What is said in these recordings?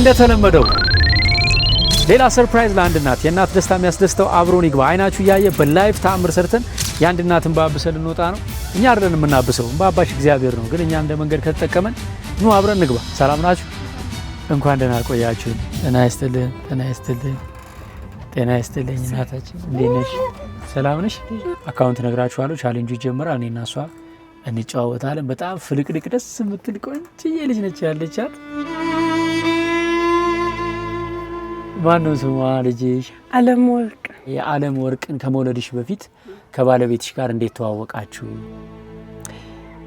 እንደተለመደው ሌላ ሰርፕራይዝ ለአንድ እናት የእናት ደስታ የሚያስደስተው አብሮን ይግባ። አይናችሁ እያየ በላይፍ ተአምር ሰርተን የአንድ እናትን ባብሰን ልንወጣ ነው። እኛ አይደለን የምናብሰው በአባሽ እግዚአብሔር ነው። ግን እኛ እንደ መንገድ ከተጠቀመን ኑ አብረን እንግባ። ሰላም ናችሁ? እንኳን ደህና ቆያችሁን። ጤና ይስጥልን፣ ጤና ይስጥልን፣ ጤና ይስጥልኝ። እናታችን እንዴት ነሽ? ሰላም ነሽ? አካውንት ነግራችኋለሁ። ቻሌንጁ ይጀምራል። እኔ እና እሷ እንጨዋወታለን። በጣም ፍልቅልቅ ደስ የምትል ቆንጅዬ ልጅ ነች ያለቻት ማነው ስሟ ልጅሽ? አለም ወርቅ። የአለም ወርቅን ከመውለድሽ በፊት ከባለቤትሽ ጋር እንዴት ተዋወቃችሁ?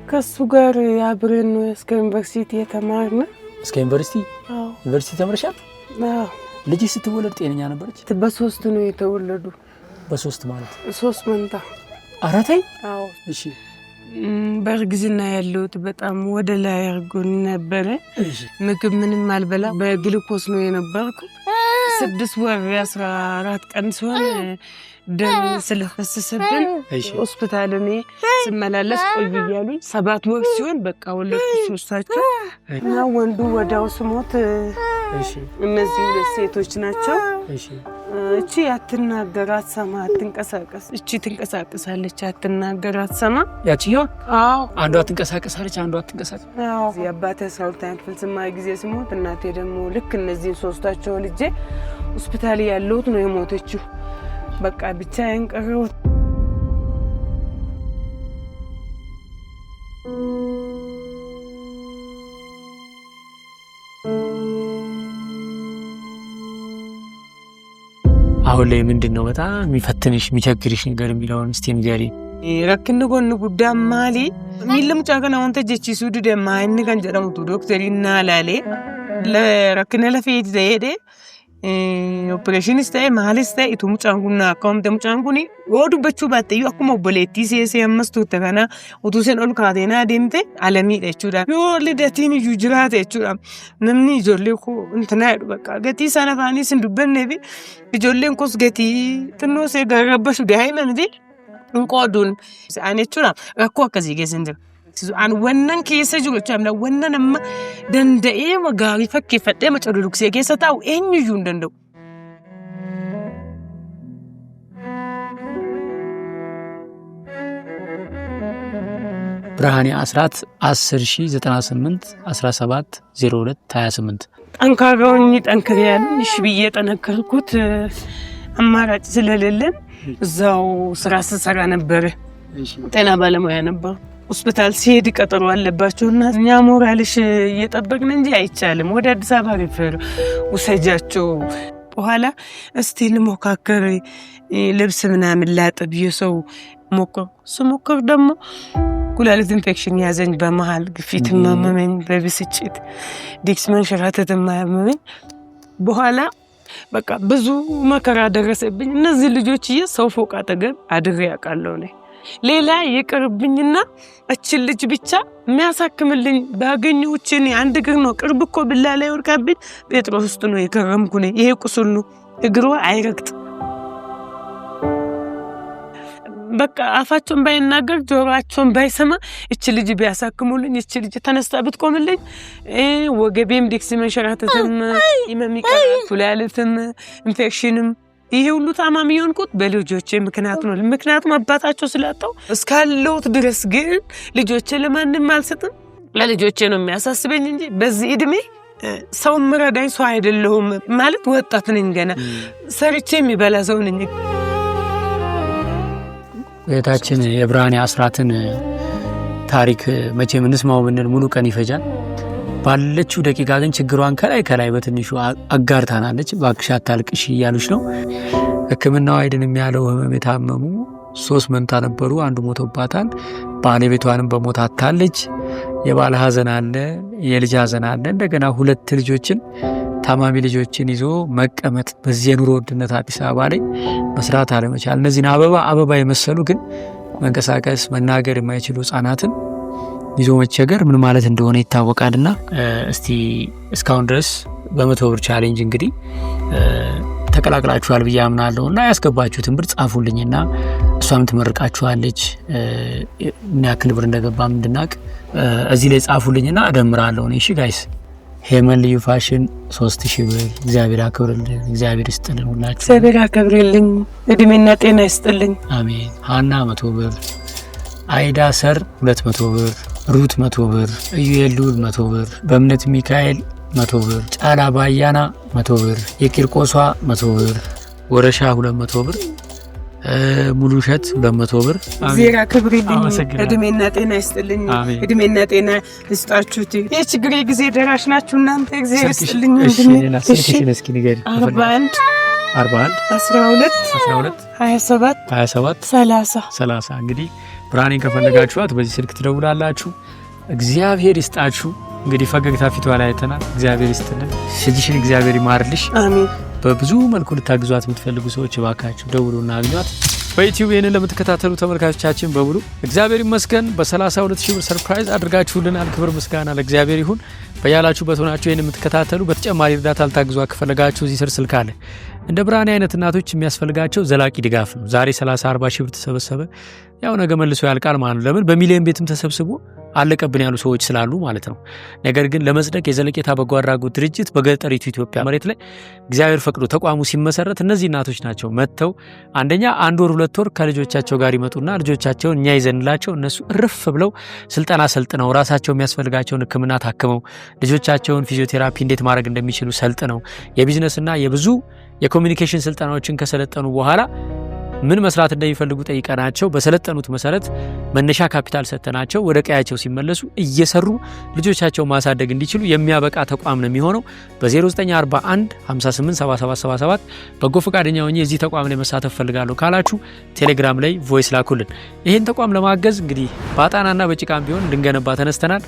ከሱ ጋር አብረን ነው እስከ ዩኒቨርሲቲ የተማርነ። እስከ ዩኒቨርሲቲ ዩኒቨርሲቲ ተምርሻል? ልጅሽ ስትወለድ ጤነኛ ነበረች? በሶስት ነው የተወለዱ። በሶስት ማለት ሶስት መንታ አራታይ። እሺ በእርግዝና ያለሁት በጣም ወደ ላይ አድርጎን ነበረ። ምግብ ምንም አልበላ፣ በግልኮስ ነው የነበርኩ ስድስት ወር የአስራ አራት ቀን ሲሆን ደም ስለፈሰሰብን ሆስፒታል እኔ ስመላለስ ቆዩ እያሉኝ ሰባት ወር ሲሆን በቃ ወለድኩ። ሶስታቸው እና ወንዱ ወዲያው ስሞት እነዚህ ሁለት ሴቶች ናቸው። እቺ አትናገር አትሰማ አትንቀሳቀስ። እቺ ትንቀሳቀሳለች አትናገር አትሰማ። ያችየዋ አንዷ ትንቀሳቀሳለች፣ አንዷ አትንቀሳቀስ። የአባተ አስራ ሁለተኛ ክፍል ስማር ጊዜ ስሞት እናቴ ደግሞ ልክ እነዚህን ሶስታቸው ልጄ ሆስፒታል ያለሁት ነው የሞተችው። በቃ ብቻ ያንቀረውት አሁን ላይ ምንድን ነው በጣም የሚፈትንሽ የሚቸግርሽ ነገር የሚለውን እስቲ ንገሪ። ረክን ጎን ጉዳ ማሊ ሚለሙጫ ከን አሁን ተጀቺ ሱዱ ደማ እኒ ከን ጀደሙቱ ዶክተሪ እና ላሌ ረክነ ለፌት ዘሄደ opereeshiin ta'e maalis ta'e itti mucaan kun akkamte mucaan kun yoo dubbachuu baatte iyyuu akkuma obboleettii seesee ammas tuutte kana utuu isheen ol kaatee na adeemte alamiidha jechuudha. Yoo lidatiin iyyuu jiraate jechuudha namni ijoollee koo intanaa jedhu bakka gatii isaan afaanis hin dubbannee fi ijoolleen kos gatii xinnoo see garabbashu daa'imanitti hin qooduun isaanii jechuudha rakkoo akkasii keessa hin jiru. barbaachisuudha. Ani wannan keessa jiru jechuudha. Amma wannan amma danda'ee gaarii fakkeeffadhee macalulugsee keessa taa'u eenyuyyuu hin danda'u. ብርሃኔ አስራት 1098 17 02 28 biyyee ሆኜ ጠንክሬ ያለሽ ብዬ የጠነከርኩት አማራጭ ስለሌለን እዛው ስራ ስሰራ ነበረ። ጤና ባለሙያ ነበርኩ። ሆስፒታል ሲሄድ ቀጠሮ አለባቸውና እኛ ሞራልሽ እየጠበቅን እንጂ አይቻልም። ወደ አዲስ አበባ ሪፈር ውሰጃቸው። በኋላ እስቲ ልሞካከር፣ ልብስ ምናምን ላጥብ የሰው ሞክር። ስሞክር ደግሞ ኩላሊት ኢንፌክሽን ያዘኝ፣ በመሀል ግፊት ማመመኝ፣ በብስጭት ዲክስ መንሸራተት ማመመኝ። በኋላ በቃ ብዙ መከራ ደረሰብኝ። እነዚህ እየ ሰው ፎቅ አጠገብ አድሬ ያውቃለሁ እኔ ሌላ ይቅርብኝና እችን ልጅ ብቻ የሚያሳክምልኝ ባገኘሁት እኔ አንድ እግር ነው። ቅርብ እኮ ብላ ላይ ወርቃብኝ ጴጥሮስ ውስጥ ነው የከረምኩ ነ ይሄ ቁስሉ እግሯ አይረግጥ በቃ አፋቸውን ባይናገር ጆሮቸውን ባይሰማ እች ልጅ ቢያሳክሙልኝ እች ልጅ ተነስታ ብትቆምልኝ ወገቤም ዲክሲ መንሸራተትም፣ ይመም ኩላሊትም ኢንፌክሽንም ይሄ ሁሉ ታማሚ የሆንኩት በልጆቼ ምክንያት ነው። ምክንያቱም አባታቸው ስላጣው እስካለሁት ድረስ ግን ልጆቼ ለማንም አልሰጥም። ለልጆቼ ነው የሚያሳስበኝ እንጂ በዚህ እድሜ ሰው ምረዳኝ ሰው አይደለሁም ማለት ወጣት ነኝ ገና ሰርቼ የሚበላ ሰው ነኝ። እህታችን የብርሃን አስራትን ታሪክ መቼም እንስማው ብንል ሙሉ ቀን ይፈጃል። ባለችው ደቂቃ ግን ችግሯን ከላይ ከላይ በትንሹ አጋርታናለች። እባክሽ አታልቅሽ እያሉች ነው። ሕክምናው አይድንም ያለው ህመም የታመሙ ሶስት መንታ ነበሩ። አንዱ ሞቶባታል። ባለቤቷንም በሞት አታለች። የባለ ሀዘን አለ፣ የልጅ ሀዘን አለ። እንደገና ሁለት ልጆችን ታማሚ ልጆችን ይዞ መቀመጥ በዚህ የኑሮ ውድነት አዲስ አበባ ላይ መስራት አለመቻል እነዚህን አበባ አበባ የመሰሉ ግን መንቀሳቀስ መናገር የማይችሉ ህጻናትን ይዞ መቸገር ምን ማለት እንደሆነ ና እስቲ እስካሁን ድረስ በመቶ ብር ቻሌንጅ እንግዲህ ተቀላቅላችኋል ብዬ አምናለሁ እና ያስገባችሁትን ብር ጻፉልኝና እሷም ትመርቃችኋለች። ምን ያክል ብር እንደገባም እንድናቅ እዚህ ላይ ጻፉልኝና እደምራለሁ። እሺ ጋይስ፣ ሄመን ልዩ ፋሽን ሶስት ሺ ብር እግዚአብሔር አክብርልን፣ እግዚአብሔር ይስጥልን፣ ሁላችሁ እግዚአብሔር አክብርልኝ፣ እድሜና ጤና ይስጥልኝ። አሜን። ሀና መቶ ብር አይዳ ሰር ሁለት መቶ ብር ሩት መቶ ብር፣ ኢዩኤል መቶ ብር፣ በእምነት ሚካኤል መቶ ብር፣ ጫላ ባያና መቶ ብር፣ የቂርቆሷ መቶ ብር፣ ወረሻ ሁለት መቶ ብር ሙሉ ሸት በመቶ ብር ዜራ ክብር ልኝ እድሜና ጤና ይስጥልኝ። እድሜና ጤና ይስጣችሁት። የችግሬ ጊዜ ደራሽ ናችሁ እናንተ እግዚአብሔር ይስጥልኝ። አርባ አንድ አስራ ሁለት ሀያ ሰባት ሰላሳ ሰላሳ እንግዲህ ብርሃኔን ከፈለጋችኋት በዚህ ስልክ ትደውላላችሁ። እግዚአብሔር ይስጣችሁ። እንግዲህ ፈገግታ ፊቷ ላይ አይተናል። እግዚአብሔር ይስጥልን፣ ልጅሽን እግዚአብሔር ይማርልሽ። በብዙ መልኩ ልታግዟት የምትፈልጉ ሰዎች እባካችሁ ደውሉና አግኟት። በዩቲዩብ ይህንን ለምትከታተሉ ተመልካቾቻችን በሙሉ እግዚአብሔር ይመስገን። በ32 ሺህ ብር ሰርፕራይዝ አድርጋችሁልናል። ክብር ምስጋና ለእግዚአብሔር ይሁን። በያላችሁበት ሆናችሁ ይህን የምትከታተሉ በተጨማሪ እርዳታ ልታግዟ ከፈለጋችሁ እዚህ ስር ስልክ አለ። እንደ ብርሃኔ አይነት እናቶች የሚያስፈልጋቸው ዘላቂ ድጋፍ ነው። ዛሬ 30 40 ሺህ ብር ተሰበሰበ፣ ያው ነገ መልሶ ያልቃል ማለት ነው። ለምን በሚሊዮን ቤትም ተሰብስቦ አለቀብን ያሉ ሰዎች ስላሉ ማለት ነው። ነገር ግን ለመጽደቅ የዘለቄታ በጎ አድራጎት ድርጅት በገጠሪቱ ኢትዮጵያ መሬት ላይ እግዚአብሔር ፈቅዶ ተቋሙ ሲመሰረት እነዚህ እናቶች ናቸው መጥተው አንደኛ አንድ ወር ሁለት ወር ከልጆቻቸው ጋር ይመጡና ልጆቻቸውን እኛ ይዘንላቸው እነሱ እርፍ ብለው ስልጠና ሰልጥነው ራሳቸው የሚያስፈልጋቸውን ሕክምና ታክመው ልጆቻቸውን ፊዚዮቴራፒ እንዴት ማድረግ እንደሚችሉ ሰልጥነው የቢዝነስና የብዙ የኮሚኒኬሽን ስልጠናዎችን ከሰለጠኑ በኋላ ምን መስራት እንደሚፈልጉ ጠይቀናቸው በሰለጠኑት መሰረት መነሻ ካፒታል ሰጥተናቸው ወደ ቀያቸው ሲመለሱ እየሰሩ ልጆቻቸው ማሳደግ እንዲችሉ የሚያበቃ ተቋም ነው የሚሆነው። በ0941 587777 በጎ ፈቃደኛ ሆኜ የዚህ ተቋም ላይ መሳተፍ ፈልጋለሁ ካላችሁ ቴሌግራም ላይ ቮይስ ላኩልን። ይህን ተቋም ለማገዝ እንግዲህ በአጣናና በጭቃም ቢሆን ልንገነባ ተነስተናል።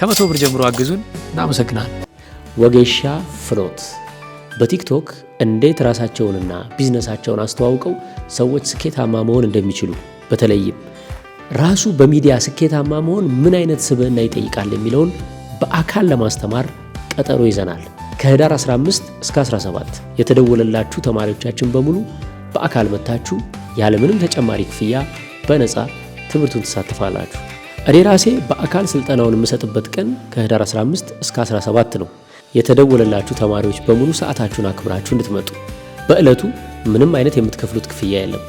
ከመቶ ብር ጀምሮ አግዙን። እናመሰግናል። ወጌሻ ፍሎት በቲክቶክ እንዴት ራሳቸውንና ቢዝነሳቸውን አስተዋውቀው ሰዎች ስኬታማ መሆን እንደሚችሉ በተለይም ራሱ በሚዲያ ስኬታማ መሆን ምን አይነት ስብዕና ይጠይቃል የሚለውን በአካል ለማስተማር ቀጠሮ ይዘናል። ከህዳር 15 እስከ 17 የተደወለላችሁ ተማሪዎቻችን በሙሉ በአካል መታችሁ ያለምንም ተጨማሪ ክፍያ በነፃ ትምህርቱን ትሳትፋላችሁ። እኔ ራሴ በአካል ስልጠናውን የምሰጥበት ቀን ከህዳር 15 እስከ 17 ነው። የተደወለላችሁ ተማሪዎች በሙሉ ሰዓታችሁን አክብራችሁ እንድትመጡ። በዕለቱ ምንም አይነት የምትከፍሉት ክፍያ የለም።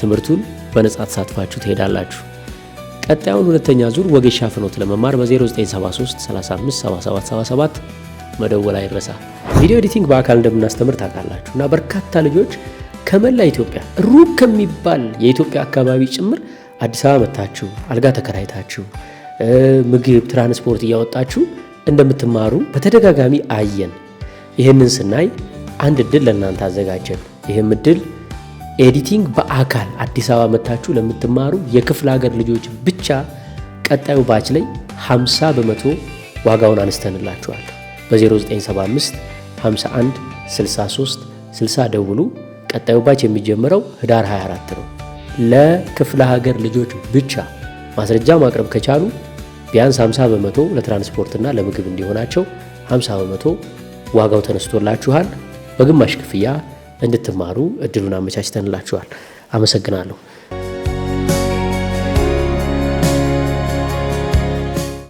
ትምህርቱን በነጻ ተሳትፋችሁ ትሄዳላችሁ። ቀጣዩን ሁለተኛ ዙር ወጌሻ ፍኖት ለመማር በ0973 357777 መደወል አይረሳ። ቪዲዮ ኤዲቲንግ በአካል እንደምናስተምር ታውቃላችሁ እና በርካታ ልጆች ከመላ ኢትዮጵያ ሩቅ ከሚባል የኢትዮጵያ አካባቢ ጭምር አዲስ አበባ መጥታችሁ አልጋ ተከራይታችሁ ምግብ፣ ትራንስፖርት እያወጣችሁ እንደምትማሩ በተደጋጋሚ አየን። ይህንን ስናይ አንድ እድል ለእናንተ አዘጋጀን። ይህም እድል ኤዲቲንግ በአካል አዲስ አበባ መታችሁ ለምትማሩ የክፍለ ሀገር ልጆች ብቻ ቀጣዩ ባች ላይ 50 በመቶ ዋጋውን አነስተንላችኋል። በ0975 51 63 60 ደውሉ። ቀጣዩ ባች የሚጀምረው ህዳር 24 ነው። ለክፍለ ሀገር ልጆች ብቻ ማስረጃ ማቅረብ ከቻሉ ቢያንስ 50 በመቶ ለትራንስፖርትና ለምግብ እንዲሆናቸው 50 በመቶ ዋጋው ተነስቶላችኋል። በግማሽ ክፍያ እንድትማሩ እድሉን አመቻችተንላችኋል። አመሰግናለሁ።